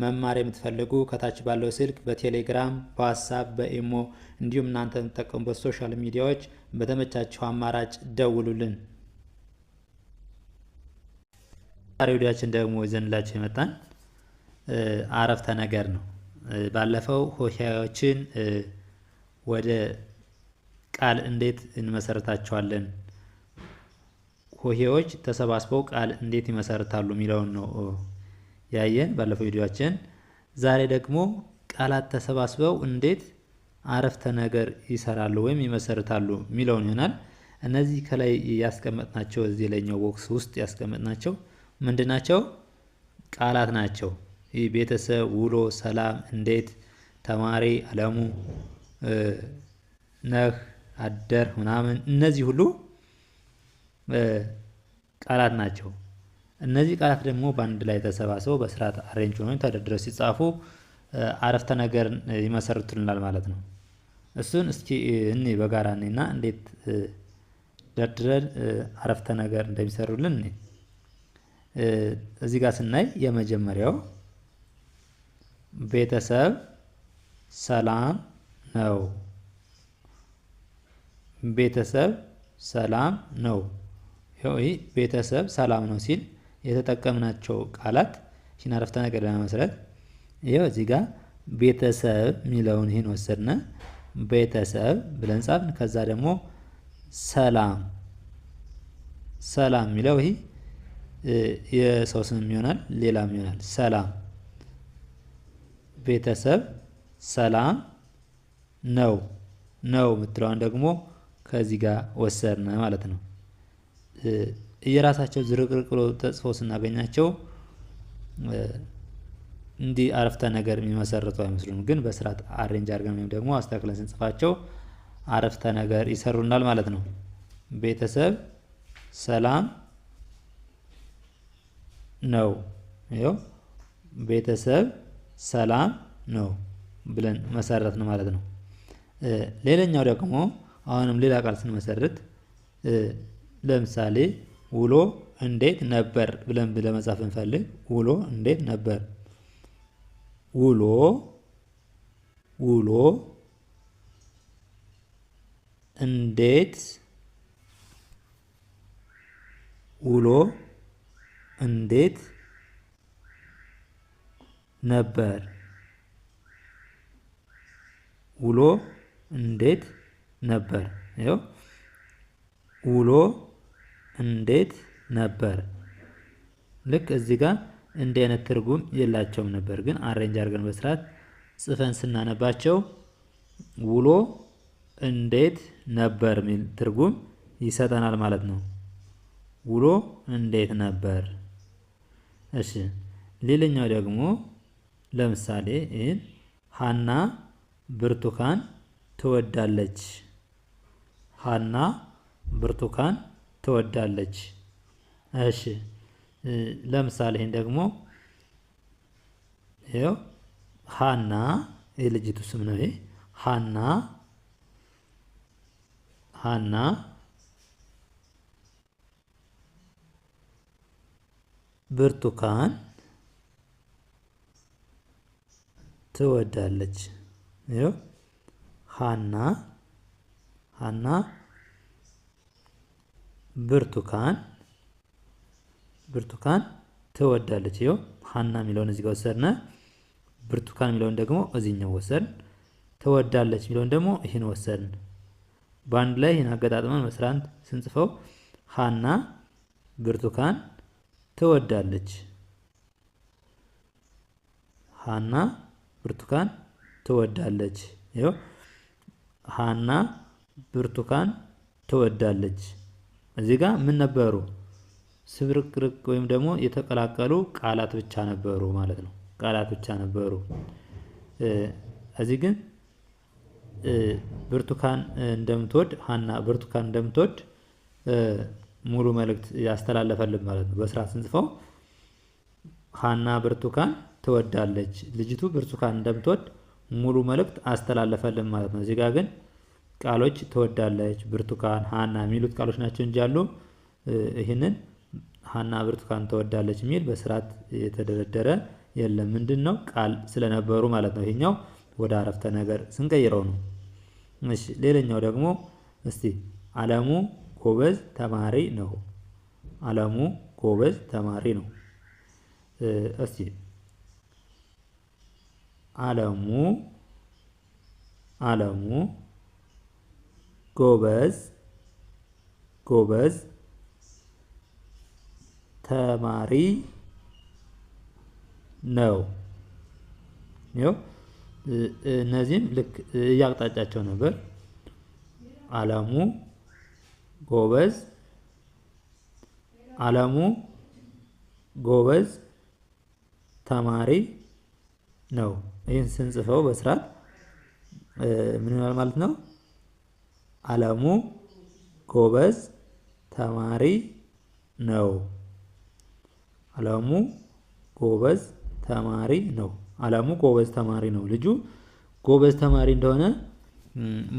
መማር የምትፈልጉ ከታች ባለው ስልክ በቴሌግራም በዋትሳፕ በኢሞ እንዲሁም እናንተ የምትጠቀሙበት ሶሻል ሚዲያዎች በተመቻቸው አማራጭ ደውሉልን። ዛሬ ወዲያችን ደግሞ ይዘንላችሁ የመጣን አረፍተ ነገር ነው። ባለፈው ሆሄያዎችን ወደ ቃል እንዴት እንመሰርታቸዋለን፣ ሆሄዎች ተሰባስበው ቃል እንዴት ይመሰርታሉ የሚለውን ነው ያየን ባለፈው ቪዲዮአችን። ዛሬ ደግሞ ቃላት ተሰባስበው እንዴት አረፍተ ነገር ይሰራሉ ወይም ይመሰርታሉ የሚለውን ይሆናል። እነዚህ ከላይ ያስቀመጥናቸው እዚህ ላይኛው ቦክስ ውስጥ ያስቀመጥናቸው ናቸው? ቃላት ናቸው። ይህ ቤተሰብ፣ ውሎ፣ ሰላም፣ እንዴት፣ ተማሪ፣ አለሙ፣ ነህ፣ አደር ምናምን እነዚህ ሁሉ ቃላት ናቸው። እነዚህ ቃላት ደግሞ በአንድ ላይ ተሰባስበው በስርዓት አሬንጅ ሆኖ ተደርድረው ሲጻፉ አረፍተ ነገር ይመሰርቱልናል ማለት ነው። እሱን እስኪ እኔ በጋራ እኔና እንዴት ደርድረን አረፍተ ነገር እንደሚሰሩልን እኔ እዚህ ጋር ስናይ የመጀመሪያው ቤተሰብ ሰላም ነው። ቤተሰብ ሰላም ነው። ቤተሰብ ሰላም ነው ሲል የተጠቀምናቸው ቃላት ይህን አረፍተ ነገር ለመመስረት ይኸው እዚህ ጋር ቤተሰብ የሚለውን ይህን ወሰድነ ቤተሰብ ብለን ጻፍን። ከዛ ደግሞ ሰላም ሰላም የሚለው ይህ የሰው ስም ይሆናል፣ ሌላም ይሆናል። ሰላም ቤተሰብ ሰላም ነው ነው የምትለዋን ደግሞ ከዚህ ጋር ወሰድነ ማለት ነው። እየራሳቸው ዝርቅርቅ ብሎ ተጽፎ ስናገኛቸው እንዲህ አረፍተ ነገር የሚመሰርቱ አይመስሉም። ግን በስርዓት አሬንጅ አድርገን ወይም ደግሞ አስተካክለን ስንጽፋቸው አረፍተ ነገር ይሰሩናል ማለት ነው። ቤተሰብ ሰላም ነው። ይኸው ቤተሰብ ሰላም ነው ብለን መሰረት ነው ማለት ነው። ሌላኛው ደግሞ አሁንም ሌላ ቃል ስንመሰርት ለምሳሌ ውሎ እንዴት ነበር ብለን ለመጻፍ እንፈልግ። ውሎ እንዴት ነበር? ውሎ ውሎ እንዴት ውሎ እንዴት ነበር? ውሎ እንዴት ነበር? ይኸው ውሎ እንዴት ነበር። ልክ እዚህ ጋር እንዲህ አይነት ትርጉም የላቸውም ነበር፣ ግን አሬንጅ አድርገን በስርዓት ጽፈን ስናነባቸው ውሎ እንዴት ነበር የሚል ትርጉም ይሰጠናል ማለት ነው። ውሎ እንዴት ነበር። እሺ ሌላኛው ደግሞ ለምሳሌ ይህን ሀና ብርቱካን ትወዳለች። ሀና ብርቱካን ትወዳለች። እሺ ለምሳሌ ደግሞ ይኸው ሃና የልጅቱ ስም ነው። ይሄ ሃና ሃና ብርቱካን ትወዳለች። ይኸው ሃና ሃና ብርቱካን ብርቱካን ትወዳለች። ይኸው ሀና የሚለውን እዚህ ጋር ወሰድነ። ብርቱካን የሚለውን ደግሞ እዚህኛው ወሰድን። ትወዳለች የሚለውን ደግሞ ይህን ወሰድን። በአንድ ላይ ይህን አገጣጥመን መስራት ስንጽፈው ሀና ብርቱካን ትወዳለች። ሀና ብርቱካን ትወዳለች። ይኸው ሀና ብርቱካን ትወዳለች። እዚህ ጋር ምን ነበሩ? ስብርቅርቅ ወይም ደግሞ የተቀላቀሉ ቃላት ብቻ ነበሩ ማለት ነው። ቃላት ብቻ ነበሩ። እዚህ ግን ብርቱካን እንደምትወድ ሀና ብርቱካን እንደምትወድ ሙሉ መልእክት ያስተላለፈልን ማለት ነው። በስርዓት ስንጽፈው ሀና ብርቱካን ትወዳለች፣ ልጅቱ ብርቱካን እንደምትወድ ሙሉ መልእክት አስተላለፈልን ማለት ነው። እዚህ ጋር ግን ቃሎች ትወዳለች፣ ብርቱካን፣ ሀና የሚሉት ቃሎች ናቸው እንጂ አሉ ይህንን ሀና ብርቱካን ትወዳለች የሚል በስርዓት የተደረደረ የለም። ምንድን ነው ቃል ስለነበሩ ማለት ነው። ይሄኛው ወደ አረፍተ ነገር ስንቀይረው ነው። እሺ፣ ሌላኛው ደግሞ እስቲ አለሙ ጎበዝ ተማሪ ነው። አለሙ ጎበዝ ተማሪ ነው። እስቲ አለሙ አለሙ ጎበዝ ጎበዝ ተማሪ ነው። ይኸው እነዚህም ልክ እያቅጣጫቸው ነበር። አለሙ ጎበዝ አለሙ ጎበዝ ተማሪ ነው። ይህን ስንጽፈው በስርዓት ምን ይሆናል ማለት ነው? አለሙ ጎበዝ ተማሪ ነው። አለሙ ጎበዝ ተማሪ ነው። አለሙ ጎበዝ ተማሪ ነው። ልጁ ጎበዝ ተማሪ እንደሆነ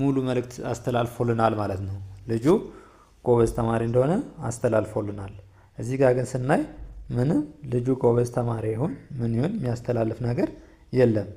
ሙሉ መልእክት አስተላልፎልናል ማለት ነው። ልጁ ጎበዝ ተማሪ እንደሆነ አስተላልፎልናል። እዚህ ጋር ግን ስናይ ምንም ልጁ ጎበዝ ተማሪ ይሁን ምን ይሁን የሚያስተላልፍ ነገር የለም።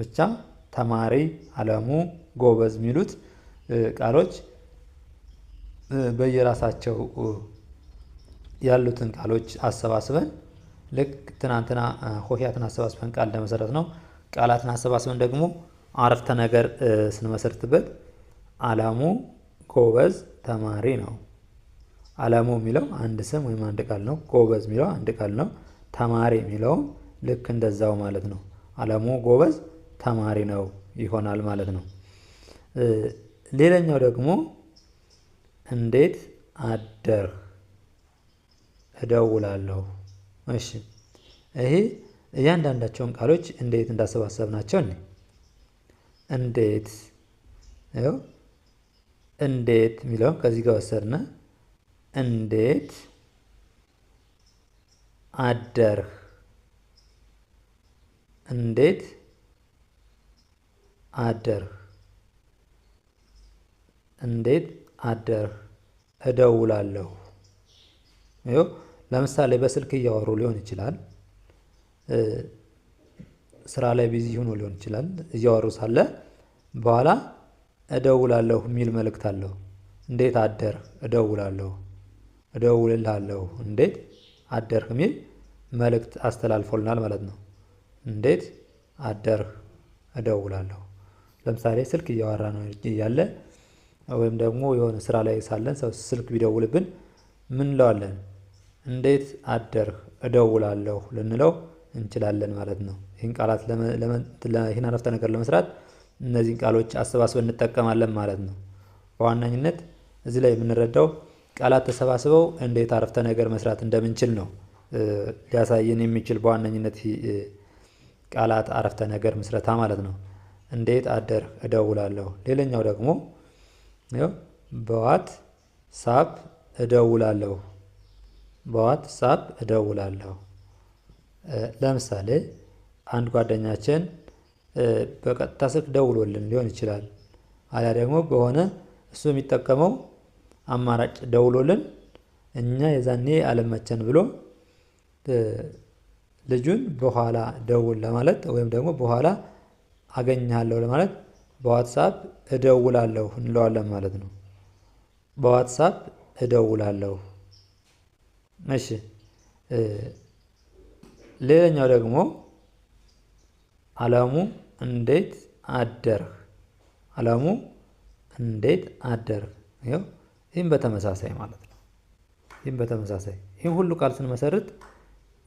ብቻ ተማሪ አለሙ ጎበዝ የሚሉት ቃሎች በየራሳቸው ያሉትን ቃሎች አሰባስበን ልክ ትናንትና ሆሄያትን አሰባስበን ቃል ለመሰረት ነው። ቃላትን አሰባስበን ደግሞ አረፍተ ነገር ስንመሰርትበት አላሙ ጎበዝ ተማሪ ነው። አላሙ የሚለው አንድ ስም ወይም አንድ ቃል ነው። ጎበዝ የሚለው አንድ ቃል ነው። ተማሪ የሚለውም ልክ እንደዛው ማለት ነው። አላሙ ጎበዝ ተማሪ ነው ይሆናል ማለት ነው። ሌላኛው ደግሞ እንዴት አደርህ እደውላለሁ። እሺ ይሄ እያንዳንዳቸውን ቃሎች እንዴት ናቸው። እኔ እንዴት ይኸው እንዴት የሚለውን ከዚህ ጋር ወሰድነ። እንዴት አደርህ፣ እንዴት አደርህ እንዴት አደርህ እደውላለሁ። ለምሳሌ በስልክ እያወሩ ሊሆን ይችላል። ስራ ላይ ቢዚ ሆኖ ሊሆን ይችላል። እያወሩ ሳለ በኋላ እደውላለሁ የሚል መልእክት አለው። እንዴት አደርህ እደውላለሁ፣ እደውልልሃለሁ፣ እንዴት አደርህ የሚል መልእክት አስተላልፎልናል ማለት ነው። እንዴት አደርህ እደውላለሁ። ለምሳሌ ስልክ እያወራ ነው እያለ ወይም ደግሞ የሆነ ስራ ላይ ሳለን ሰው ስልክ ቢደውልብን ምን እንለዋለን? እንዴት አደርህ እደውላለሁ ልንለው እንችላለን ማለት ነው። ይህን ቃላት ይህን አረፍተ ነገር ለመስራት እነዚህን ቃሎች አሰባስበን እንጠቀማለን ማለት ነው። በዋናኝነት እዚህ ላይ የምንረዳው ቃላት ተሰባስበው እንዴት አረፍተ ነገር መስራት እንደምንችል ነው ሊያሳየን የሚችል በዋነኝነት ቃላት አረፍተ ነገር ምስረታ ማለት ነው። እንዴት አደርህ እደውላለሁ። ሌላኛው ደግሞ በዋት ሳፕ እደውላለሁ በዋት ሳፕ እደውላለሁ። ለምሳሌ አንድ ጓደኛችን በቀጥታ ስልክ ደውሎልን ሊሆን ይችላል። አሊያ ደግሞ በሆነ እሱ የሚጠቀመው አማራጭ ደውሎልን እኛ የዛኔ አለመቸን ብሎ ልጁን በኋላ ደውል ለማለት ወይም ደግሞ በኋላ አገኝሃለሁ ለማለት በዋትሳፕ እደውላለሁ እንለዋለን ማለት ነው። በዋትሳፕ እደውላለሁ። እሺ፣ ሌላኛው ደግሞ አለሙ እንዴት አደርህ፣ አለሙ እንዴት አደርህ። ይኸው ይህም በተመሳሳይ ማለት ነው። ይህም በተመሳሳይ ይህም ሁሉ ቃል ስንመሰርት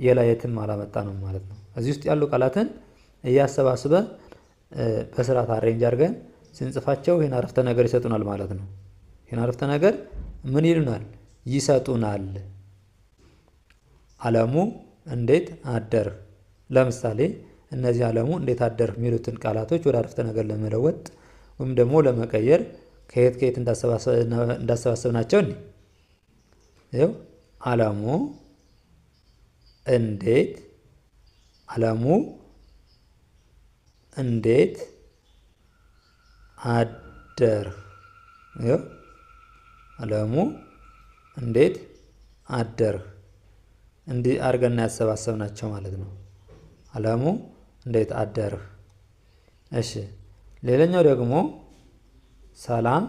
የላየትም አላመጣ ነው ማለት ነው። እዚህ ውስጥ ያሉ ቃላትን እያሰባስበ በስርዓት አሬንጅ አድርገን ስንጽፋቸው ይህን አረፍተ ነገር ይሰጡናል ማለት ነው። ይህን አረፍተ ነገር ምን ይሉናል? ይሰጡናል። አለሙ እንዴት አደርህ። ለምሳሌ እነዚህ አለሙ እንዴት አደርህ የሚሉትን ቃላቶች ወደ አረፍተ ነገር ለመለወጥ ወይም ደግሞ ለመቀየር ከየት ከየት እንዳሰባሰብናቸው ናቸው። ይኸው አለሙ እንዴት አለሙ እንዴት አደርህ? አለሙ እንዴት አደርህ? እንዲህ አድርገን ያሰባሰብናቸው ማለት ነው። አለሙ እንዴት አደርህ? እሺ ሌላኛው ደግሞ ሰላም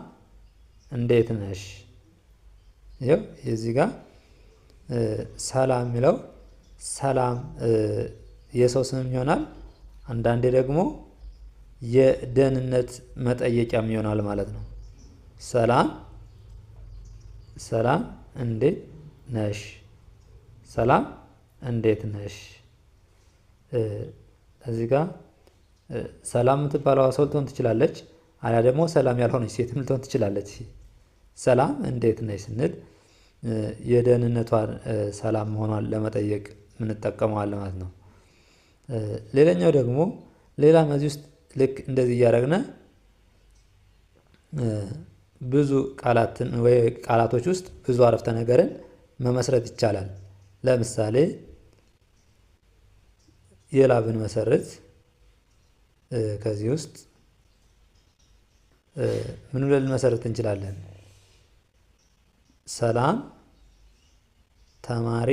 እንዴት ነሽ? ይኸው የዚህ ጋር ሰላም የሚለው ሰላም የሰው ስም ይሆናል። አንዳንዴ ደግሞ የደህንነት መጠየቂያም ይሆናል ማለት ነው። ሰላም ሰላም እንዴት ነሽ? ሰላም እንዴት ነሽ? እዚህ ጋር ሰላም የምትባለዋ ሰው ልትሆን ትችላለች፣ አሊያ ደግሞ ሰላም ያልሆነች ሴትም ልትሆን ትችላለች። ሰላም እንዴት ነሽ ስንል የደህንነቷን ሰላም መሆኗን ለመጠየቅ እንጠቀመዋለን ማለት ነው። ሌላኛው ደግሞ ሌላ መዚህ ውስጥ ልክ እንደዚህ እያደረግነ ብዙ ቃላትን ወይ ቃላቶች ውስጥ ብዙ አረፍተ ነገርን መመስረት ይቻላል። ለምሳሌ የላብን መሰረት ከዚህ ውስጥ ምን ብለን መሰረት እንችላለን? ሰላም ተማሪ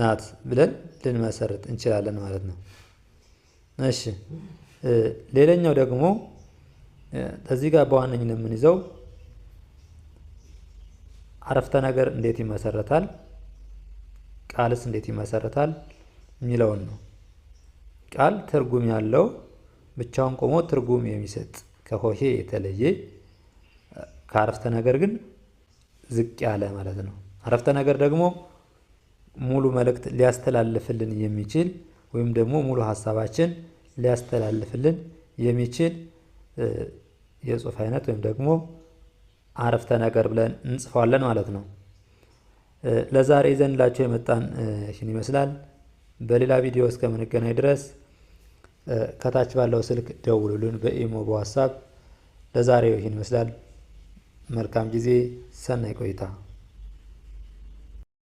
ናት ብለን ልንመሰርት እንችላለን ማለት ነው። እሺ ሌላኛው ደግሞ ከዚህ ጋር በዋነኝነት የምንይዘው አረፍተ ነገር እንዴት ይመሰረታል፣ ቃልስ እንዴት ይመሰረታል የሚለውን ነው። ቃል ትርጉም ያለው ብቻውን ቆሞ ትርጉም የሚሰጥ ከሆሄ የተለየ ከአረፍተ ነገር ግን ዝቅ ያለ ማለት ነው። አረፍተ ነገር ደግሞ ሙሉ መልእክት ሊያስተላልፍልን የሚችል ወይም ደግሞ ሙሉ ሀሳባችን ሊያስተላልፍልን የሚችል የጽሁፍ አይነት ወይም ደግሞ አረፍተ ነገር ብለን እንጽፈዋለን ማለት ነው። ለዛሬ ይዘንላችሁ የመጣን ይህን ይመስላል። በሌላ ቪዲዮ እስከምንገናኝ ድረስ ከታች ባለው ስልክ ደውሉልን፣ በኢሞ በዋትሳፕ። ለዛሬው ይህን ይመስላል። መልካም ጊዜ፣ ሰናይ ቆይታ